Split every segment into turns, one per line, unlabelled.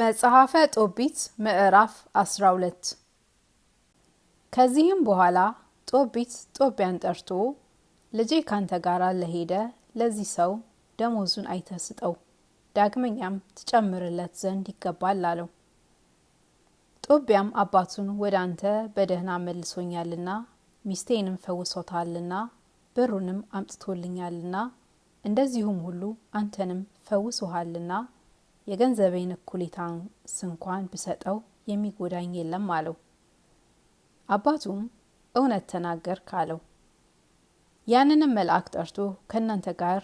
መጽሐፈ ጦቢት ምዕራፍ 12 ከዚህም በኋላ ጦቢት ጦቢያን ጠርቶ ልጄ ካንተ ጋር ለሄደ ለዚህ ሰው ደሞዙን አይተስጠው ዳግመኛም ትጨምርለት ዘንድ ይገባል አለው። ጦቢያም አባቱን ወደ አንተ በደህና መልሶኛልና ሚስቴንም ፈውሶታልና ብሩንም አምጥቶልኛልና እንደዚሁም ሁሉ አንተንም ፈውሶሃልና የገንዘቤን እኩሌታ ስንኳን ብሰጠው የሚጎዳኝ የለም አለው። አባቱም እውነት ተናገር ካለው ያንንም መልአክ ጠርቶ ከእናንተ ጋር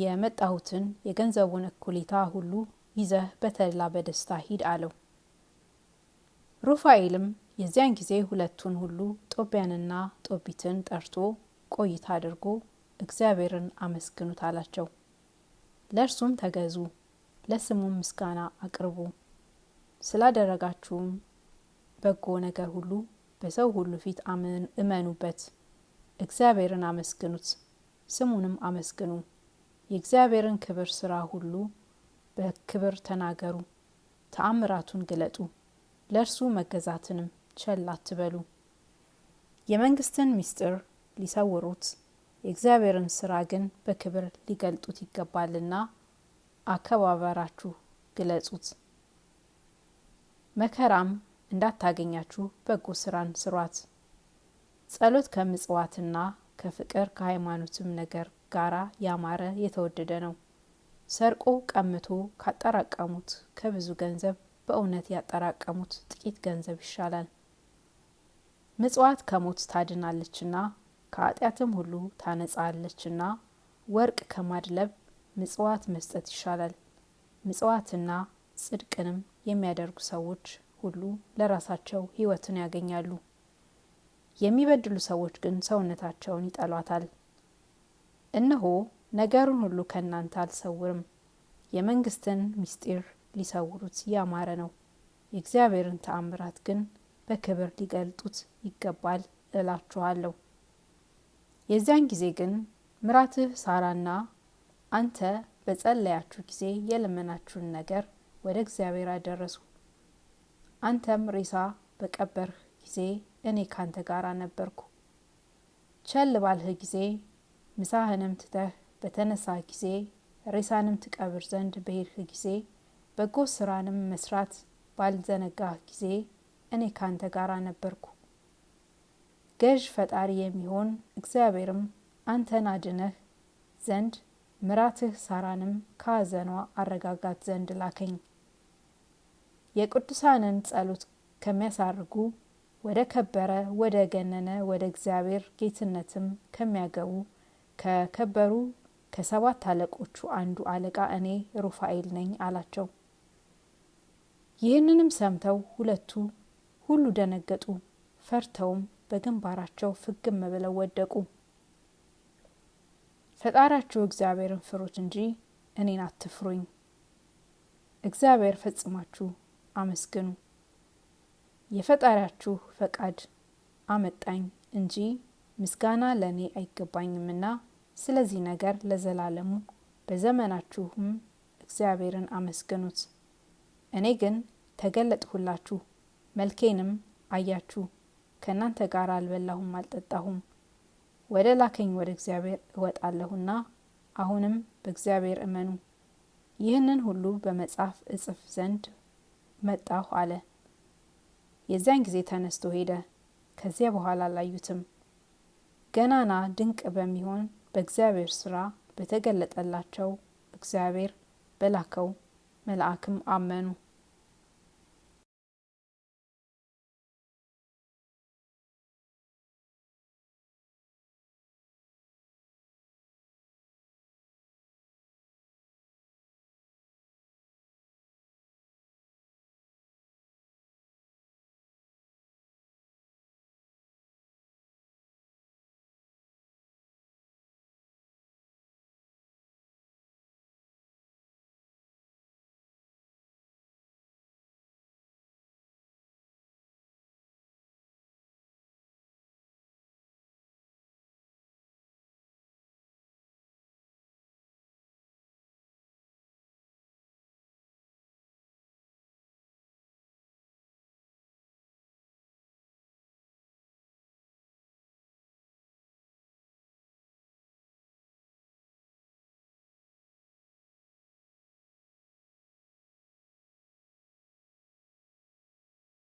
የመጣሁትን የገንዘቡን እኩሌታ ሁሉ ይዘህ በተድላ በደስታ ሂድ አለው። ሩፋኤልም የዚያን ጊዜ ሁለቱን ሁሉ ጦቢያንና ጦቢትን ጠርቶ ቆይታ አድርጎ እግዚአብሔርን አመስግኑት አላቸው። ለእርሱም ተገዙ። ለስሙም ምስጋና አቅርቡ። ስላደረጋችሁም በጎ ነገር ሁሉ በሰው ሁሉ ፊት እመኑበት። እግዚአብሔርን አመስግኑት፣ ስሙንም አመስግኑ። የእግዚአብሔርን ክብር ስራ ሁሉ በክብር ተናገሩ። ተአምራቱን ግለጡ፣ ለእርሱ መገዛትንም ቸል አትበሉ። የመንግስትን ምስጢር ሊሰውሩት የእግዚአብሔርን ስራ ግን በክብር ሊገልጡት ይገባልና አከባበራችሁ ግለጹት። መከራም እንዳታገኛችሁ በጎ ስራን ስሯት። ጸሎት ከምጽዋትና ከፍቅር ከሃይማኖትም ነገር ጋራ ያማረ የተወደደ ነው። ሰርቆ ቀምቶ ካጠራቀሙት ከብዙ ገንዘብ በእውነት ያጠራቀሙት ጥቂት ገንዘብ ይሻላል። ምጽዋት ከሞት ታድናለችና ከኃጢአትም ሁሉ ታነጻለችና ወርቅ ከማድለብ ምጽዋት መስጠት ይሻላል። ምጽዋትና ጽድቅንም የሚያደርጉ ሰዎች ሁሉ ለራሳቸው ሕይወትን ያገኛሉ። የሚበድሉ ሰዎች ግን ሰውነታቸውን ይጠሏታል። እነሆ ነገሩን ሁሉ ከእናንተ አልሰውርም። የመንግስትን ምስጢር ሊሰውሩት ያማረ ነው፣ የእግዚአብሔርን ተአምራት ግን በክብር ሊገልጡት ይገባል እላችኋለሁ። የዚያን ጊዜ ግን ምራትህ ሳራና አንተ በጸለያችሁ ጊዜ የለመናችሁን ነገር ወደ እግዚአብሔር አደረሱ። አንተም ሬሳ በቀበርህ ጊዜ እኔ ካንተ ጋር ነበርኩ። ቸል ባልህ ጊዜ ምሳህንም ትተህ በተነሳ ጊዜ ሬሳንም ትቀብር ዘንድ በሄድህ ጊዜ በጎ ስራንም መስራት ባልዘነጋህ ጊዜ እኔ ካንተ ጋር ነበርኩ። ገዥ ፈጣሪ የሚሆን እግዚአብሔርም አንተን አድነህ ዘንድ ምራትህ ሳራንም ከሐዘኗ አረጋጋት ዘንድ ላከኝ። የቅዱሳንን ጸሎት ከሚያሳርጉ ወደ ከበረ ወደ ገነነ ወደ እግዚአብሔር ጌትነትም ከሚያገቡ ከከበሩ ከሰባት አለቆቹ አንዱ አለቃ እኔ ሩፋኤል ነኝ አላቸው። ይህንንም ሰምተው ሁለቱ ሁሉ ደነገጡ፣ ፈርተውም በግንባራቸው ፍግም ብለው ወደቁ። ፈጣሪያችሁ እግዚአብሔርን ፍሩት እንጂ እኔን አትፍሩኝ። እግዚአብሔር ፈጽማችሁ አመስግኑ። የፈጣሪያችሁ ፈቃድ አመጣኝ እንጂ ምስጋና ለእኔ አይገባኝምና ስለዚህ ነገር ለዘላለሙ በዘመናችሁም እግዚአብሔርን አመስግኑት። እኔ ግን ተገለጥሁላችሁ፣ መልኬንም አያችሁ፣ ከእናንተ ጋር አልበላሁም አልጠጣሁም ወደ ላከኝ ወደ እግዚአብሔር እወጣለሁና አሁንም በእግዚአብሔር እመኑ። ይህንን ሁሉ በመጽሐፍ እጽፍ ዘንድ መጣሁ አለ። የዚያን ጊዜ ተነስቶ ሄደ። ከዚያ በኋላ አላዩትም። ገናና ድንቅ በሚሆን በእግዚአብሔር ስራ በተገለጠላቸው እግዚአብሔር በላከው መልአክም አመኑ።